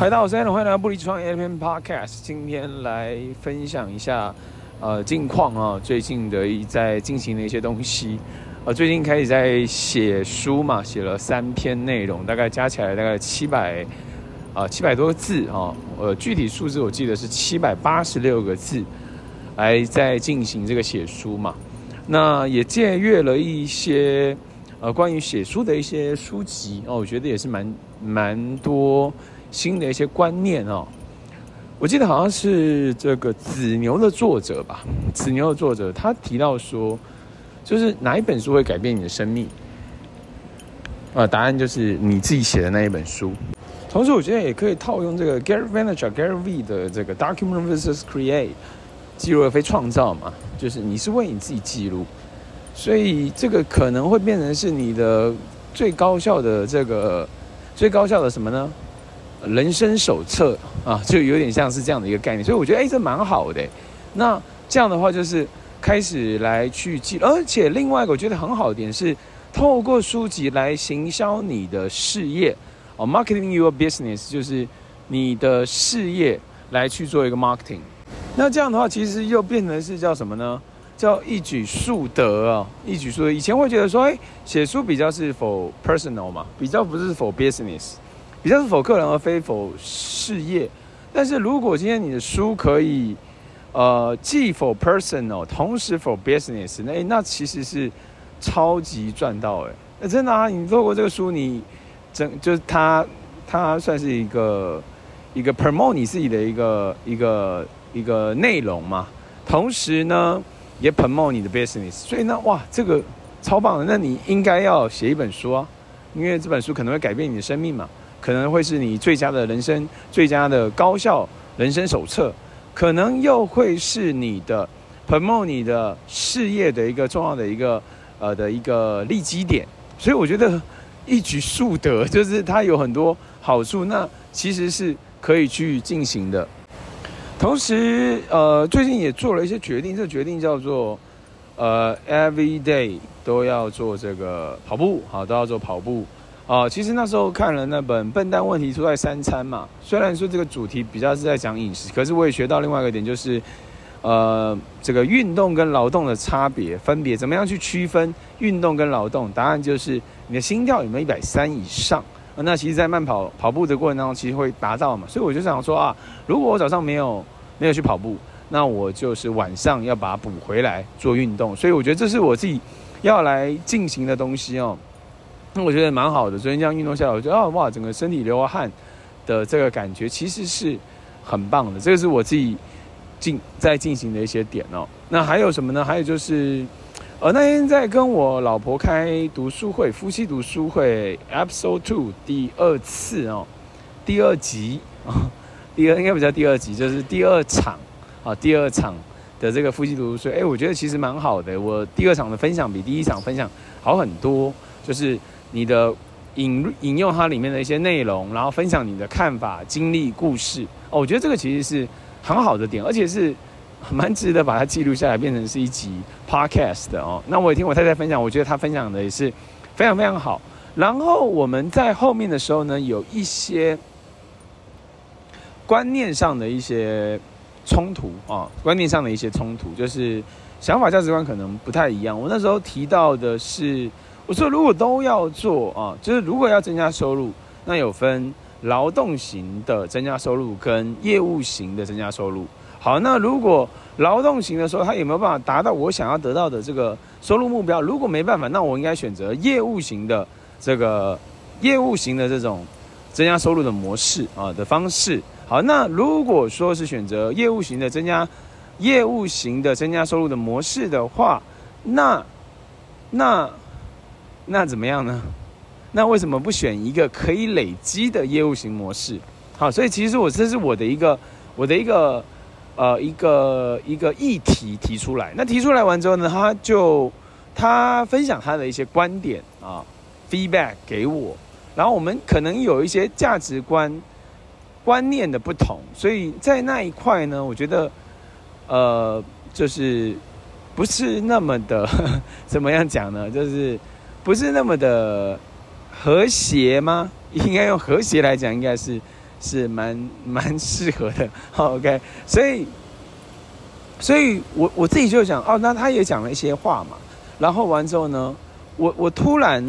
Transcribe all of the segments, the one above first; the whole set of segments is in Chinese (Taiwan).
大家好，我是艾倫，歡迎來到不離職創業 FM Podcast。今天來分享一下，呃，近況啊，最近的一在進行的一些東西。呃，最近開始在寫書嘛，寫了三篇內容，大概加起來大概七百啊、呃，七百多個字啊、哦。呃，具體數字我記得是七百八十六個字，來在進行這個寫書嘛。那也借閱了一些呃關於寫書的一些書籍哦，我覺得也是蠻蠻多，新的一些觀念哦、喔，我記得好像是這個《子牛》的作者吧，《子牛》的作者他提到說，就是哪一本書會改變你的生命？啊、呃，答案就是你自己寫的那一本書。同時，我覺得也可以套用這個 g a r r v a t n e r c h u k g a r t V 的這個 “Document versus Create”，記錄而非創造嘛，就是你是為你自己記錄，所以這個可能會變成是你的最高效的這個最高效的什麼呢？人生手冊啊，就有點像是這樣的一個概念，所以我覺得哎、欸，這蠻好的、欸。那這樣的話，就是開始來去記，而且另外一個我覺得很好的點是，透過書籍來行銷你的事業哦，marketing your business，就是你的事業來去做一個 marketing。那這樣的話，其實又變成是叫什麼呢？叫一舉數得啊，一舉數得。以前會覺得說，哎，寫書比較是 for personal 嘛，比較不是 for business。比較是 for 個人而非 for 事業，但是如果今天你的書可以，呃，既 for personal，同時 for business，哎、欸，那其實是超級賺到哎、欸，那、欸、真的啊，你做過這個書，你真就是它，它算是一個一個 promote 你自己的一個一個一個內容嘛，同時呢，也 promote 你的 business，所以呢，哇，這個超棒的，那你應該要寫一本書啊，因為這本書可能會改變你的生命嘛。可能會是你最佳的人生、最佳的高效人生手冊，可能又會是你的、promote 你的事業的一個重要的一個呃的一個利基點。所以我覺得一舉數得，就是它有很多好處，那其實是可以去進行的。同時，呃，最近也做了一些決定，這個決定叫做呃，every day 都要做這個跑步啊，都要做跑步。哦，其實那時候看了那本《笨蛋問題出在三餐》嘛，雖然說這個主題比較是在講飲食，可是我也學到另外一個點，就是，呃，這個運動跟勞動的差別，分別怎麼樣去區分運動跟勞動？答案就是你的心跳有沒有一百三以上。那其實，在慢跑跑步的過程當中，其實會達到嘛。所以我就想說啊，如果我早上沒有沒有去跑步，那我就是晚上要把它補回來做運動。所以我覺得這是我自己要來進行的東西哦。那我覺得蠻好的，所以這樣運動下來，我覺得啊哇，整個身體流汗的這個感覺，其實是很棒的。這個是我自己進在進行的一些點哦。那還有什麼呢？還有就是，呃，那天在跟我老婆開讀書會，夫妻讀書會 Episode 2第二次哦，第二集啊、哦，第二應該不叫第二集，就是第二場啊、哦，第二場的這個夫妻讀書會，哎，我覺得其實蠻好的。我第二場的分享比第一場分享好很多，就是。你的引引用它裡面的一些內容，然後分享你的看法、經歷、故事哦。我覺得這個其實是很好的點，而且是蠻值得把它記錄下來，變成是一集 podcast 的哦。那我也聽我太太分享，我覺得她分享的也是非常非常好。然後我們在後面的時候呢，有一些觀念上的一些衝突啊、哦，觀念上的一些衝突，就是想法、價值觀可能不太一樣。我那時候提到的是。我說：如果都要做啊，就是如果要增加收入，那有分勞動型的增加收入跟業務型的增加收入。好，那如果勞動型的時候，他有沒有辦法達到我想要得到的這個收入目標？如果沒辦法，那我應該選擇業務型的這個業務型的這種增加收入的模式啊的方式。好，那如果說是選擇業務型的增加業務型的增加收入的模式的話，那那。那怎麼樣呢？那為什麼不選一個可以累積的業務型模式？好，所以其實我這是我的一個我的一個呃一個一個議題提出來。那提出來完之後呢，他就他分享他的一些觀點啊，哦，feedback 給我。然後我們可能有一些價值觀觀念的不同，所以在那一塊呢，我覺得呃就是不是那麼的呵呵怎麼樣講呢，就是。不是那麼的和諧嗎？應該用和諧來講，應該是是蠻蠻適合的。好，OK，所以，所以我我自己就想，哦，那他也講了一些話嘛。然後完之後呢，我我突然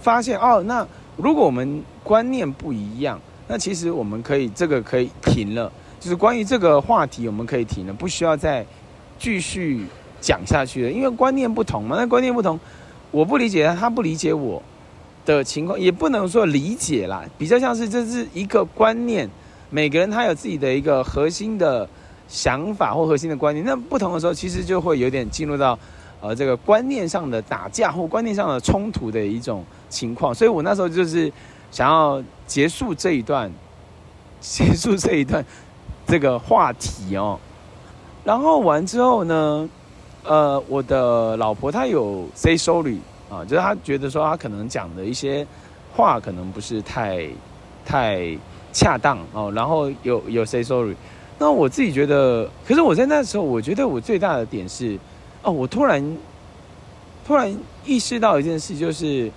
發現哦，那如果我們觀念不一樣，那其實我們可以這個可以停了，就是關於這個話題我們可以停了，不需要再繼續講下去了，因為觀念不同嘛。那觀念不同。我不理解他，他不理解我的情況，也不能說理解啦，比較像是這是一個觀念，每個人他有自己的一個核心的想法或核心的觀念，那不同的時候其實就會有點進入到呃這個觀念上的打架或觀念上的衝突的一種情況，所以我那時候就是想要結束這一段，結束這一段這個話題哦，然後完之後呢？呃，我的老婆她有 say sorry 啊，就是她覺得說她可能講的一些話可能不是太太恰當哦、啊，然後有有 say sorry。那我自己覺得，可是我在那時候，我覺得我最大的點是，哦、啊，我突然突然意識到一件事，就是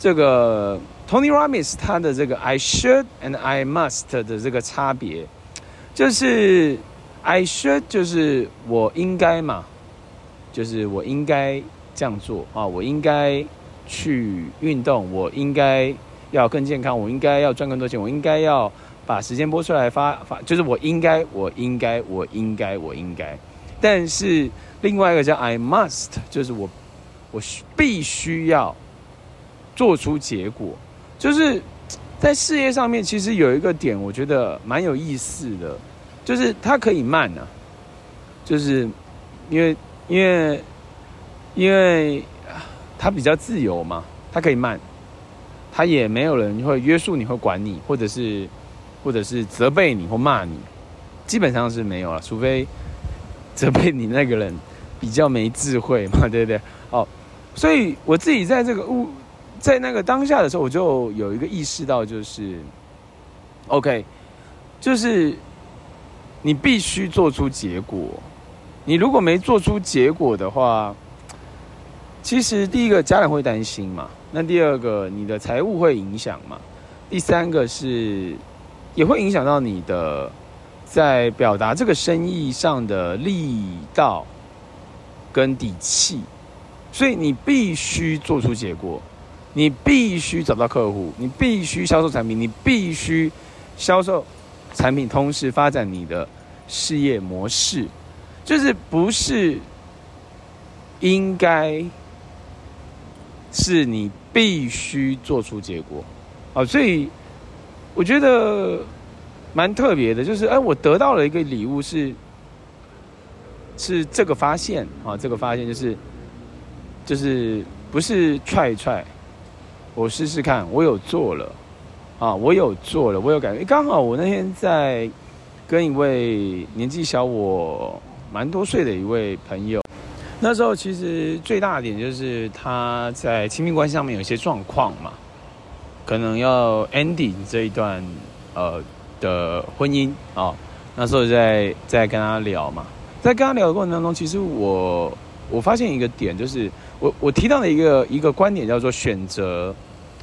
這個 Tony Robbins 他的這個 I should and I must 的這個差別，就是 I should 就是我應該嘛。就是我應該這樣做啊！我應該去運動，我應該要更健康，我應該要賺更多錢，我應該要把時間撥出來發發。就是我應該，我應該，我應該，我應該。但是另外一個叫 I must，就是我我必須要做出結果。就是在事業上面，其實有一個點，我覺得蠻有意思的，就是它可以慢啊，就是因為。因為，因為他比較自由嘛，他可以慢，他也沒有人會約束你、會管你，或者是，或者是責備你或罵你，基本上是沒有了，除非責備你那個人比較沒智慧嘛，對不對？哦，所以我自己在這個物在那個當下的時候，我就有一個意識到，就是，OK，就是你必須做出結果。你如果沒做出結果的話，其實第一個家人會擔心嘛，那第二個你的財務會影響嘛，第三個是也會影響到你的在表達這個生意上的力道跟底氣，所以你必須做出結果，你必須找到客戶，你必須銷售產品，你必須銷售產品，同時發展你的事業模式。就是不是應，應該是你必須做出結果，啊，所以我覺得蠻特別的，就是哎、欸，我得到了一個禮物是，是這個發現啊，這個發現就是，就是不是 try try，我試試看，我有做了，啊，我有做了，我有感覺，剛、欸、好，我那天在跟一位年紀小我。蠻多歲的一位朋友，那時候其實最大的點就是他在親密關係上面有一些狀況嘛，可能要 ending 這一段呃的婚姻啊，哦。那時候在在跟他聊嘛，在跟他聊的過程當中，其實我我發現一個點，就是我我提到了一個一個觀點叫做選擇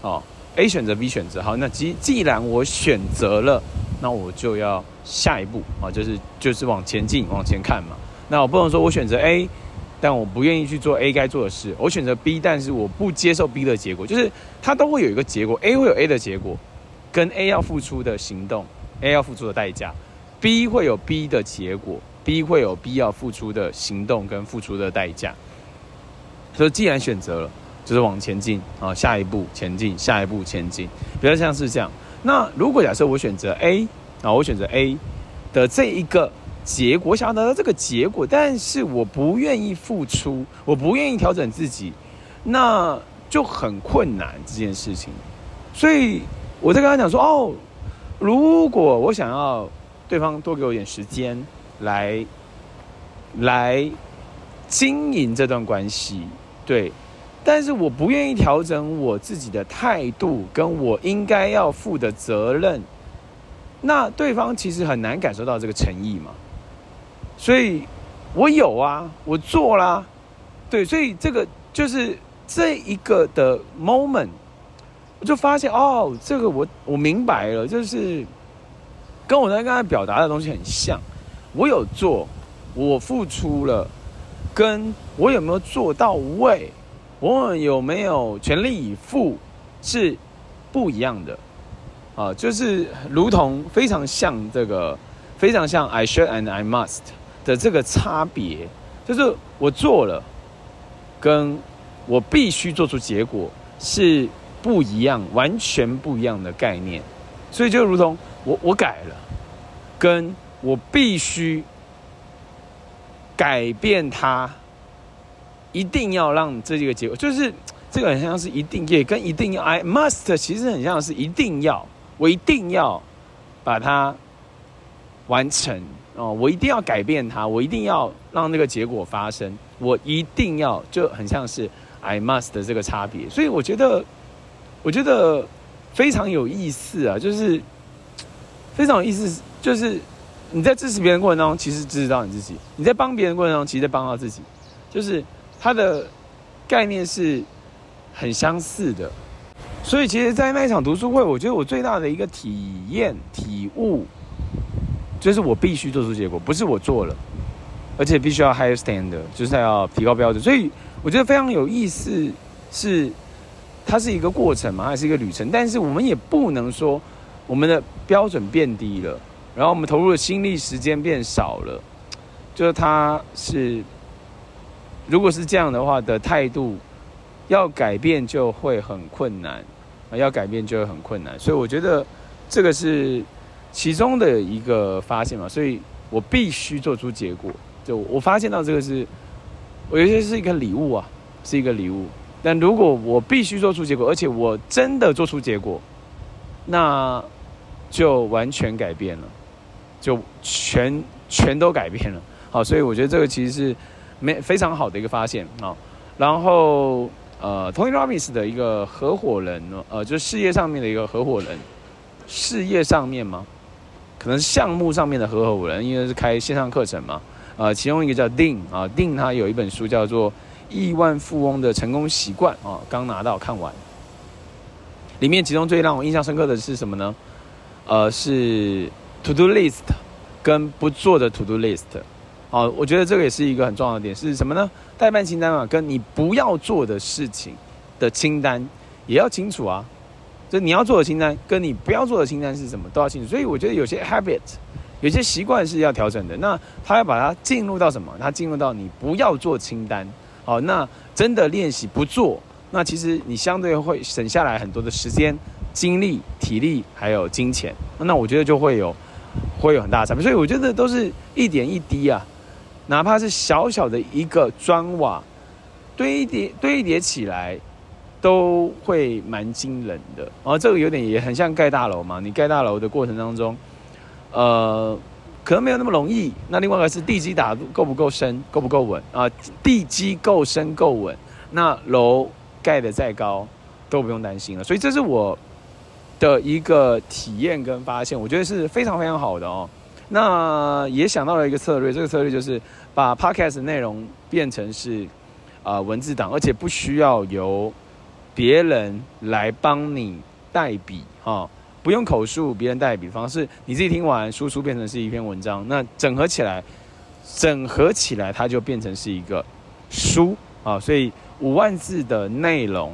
哦，A 選擇 B 選擇好，那既既然我選擇了。那我就要下一步啊，就是就是往前進，往前看嘛。那我不能說我選擇 A，但我不願意去做 A 該做的事。我選擇 B，但是我不接受 B 的結果。就是它都會有一個結果，A 會有 A 的結果，跟 A 要付出的行動，A 要付出的代價。B 會有 B 的結果，B 會有 B 要付出的行動跟付出的代價。所以既然選擇了，就是往前進啊，下一步前進，下一步前進，比較像是這樣。那如果假設我選擇 A，啊，我選擇 A 的這一個結果，我想要得到這個結果，但是我不願意付出，我不願意調整自己，那就很困難這件事情。所以我在跟他講說，哦，如果我想要對方多給我點時間來，來經營這段關係，對。但是我不願意調整我自己的態度，跟我應該要負的責任，那對方其實很難感受到這個誠意嘛。所以，我有啊，我做啦，對，所以這個就是這一個的 moment，我就發現哦，這個我我明白了，就是跟我剛才表達的東西很像。我有做，我付出了，跟我有沒有做到位。我有沒有全力以赴，是不一樣的，啊，就是如同非常像這個，非常像 I should and I must 的這個差別，就是我做了，跟我必須做出結果是不一樣，完全不一樣的概念。所以就如同我我改了，跟我必須改變它。一定要讓這個結果，就是這個很像是“一定”也跟“一定要 ”，I must 其實很像是“一定要”，我一定要把它完成哦，我一定要改變它，我一定要讓那個結果發生，我一定要就很像是 I must 的這個差別。所以我覺得，我覺得非常有意思啊，就是非常有意思，就是你在支持別人過程中，其實支持到你自己；你在幫別人過程中，其實在幫到自己，就是。它的概念是很相似的，所以其實，在那一場讀書會，我覺得我最大的一個體驗、體悟，就是我必須做出結果，不是我做了，而且必須要 higher standard，就是要提高標準。所以我覺得非常有意思，是它是一個過程嘛，還是一個旅程？但是我們也不能說我們的標準變低了，然後我們投入的心力、時間變少了，就是它是。如果是這樣的話的態度，要改變就會很困難，啊，要改變就會很困難。所以我覺得這個是其中的一個發現嘛。所以我必須做出結果，就我發現到這個是，我覺得是一個禮物啊，是一個禮物。但如果我必須做出結果，而且我真的做出結果，那就完全改變了，就全全都改變了。好，所以我覺得這個其實是。沒非常好的一個發現啊，然後呃，Tony Robbins 的一個合夥人，呃，就是事業上面的一個合夥人，事業上面嗎？可能項目上面的合夥人，因為是開線上課程嘛。呃，其中一個叫 Dean 啊，Dean 他有一本書叫做《億萬富翁的成功習慣》啊，剛拿到看完，裡面其中最讓我印象深刻的是什麼呢？呃，是 To Do List 跟不做的 To Do List。好，我覺得這個也是一個很重要的點，是什麼呢？待辦清單啊，跟你不要做的事情的清單也要清楚啊。就你要做的清單跟你不要做的清單是什麼都要清楚。所以我覺得有些 habit 有些習慣是要調整的。那他要把它進入到什麼？他進入到你不要做清單。好，那真的練習不做，那其實你相對會省下來很多的時間、精力、體力還有金錢。那我覺得就會有會有很大差別。所以我覺得都是一點一滴啊。哪怕是小小的一個磚瓦堆疊堆疊起來，都會蠻驚人的啊！這個有點也很像蓋大樓嘛。你蓋大樓的過程當中，呃，可能沒有那麼容易。那另外一個是地基打夠不夠深，夠不夠穩啊？地基夠深夠穩，那樓蓋得再高都不用擔心了。所以這是我的一個體驗跟發現，我覺得是非常非常好的哦。那也想到了一個策略，這個策略就是把 podcast 內容變成是，啊、呃、文字檔，而且不需要由別人來幫你代筆，哈、哦，不用口述，別人代筆，方式你自己聽完，輸出變成是一篇文章，那整合起來，整合起來，它就變成是一個書啊、哦，所以五萬字的內容，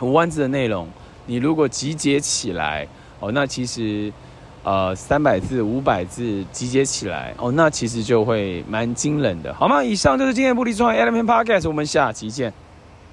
五萬字的內容，你如果集結起來，哦，那其實。呃，三百字、五百字集結起來哦，那其實就會蠻驚人的，好嗎？以上就是今天的不離職創業 Allen Podcast，我們下期見。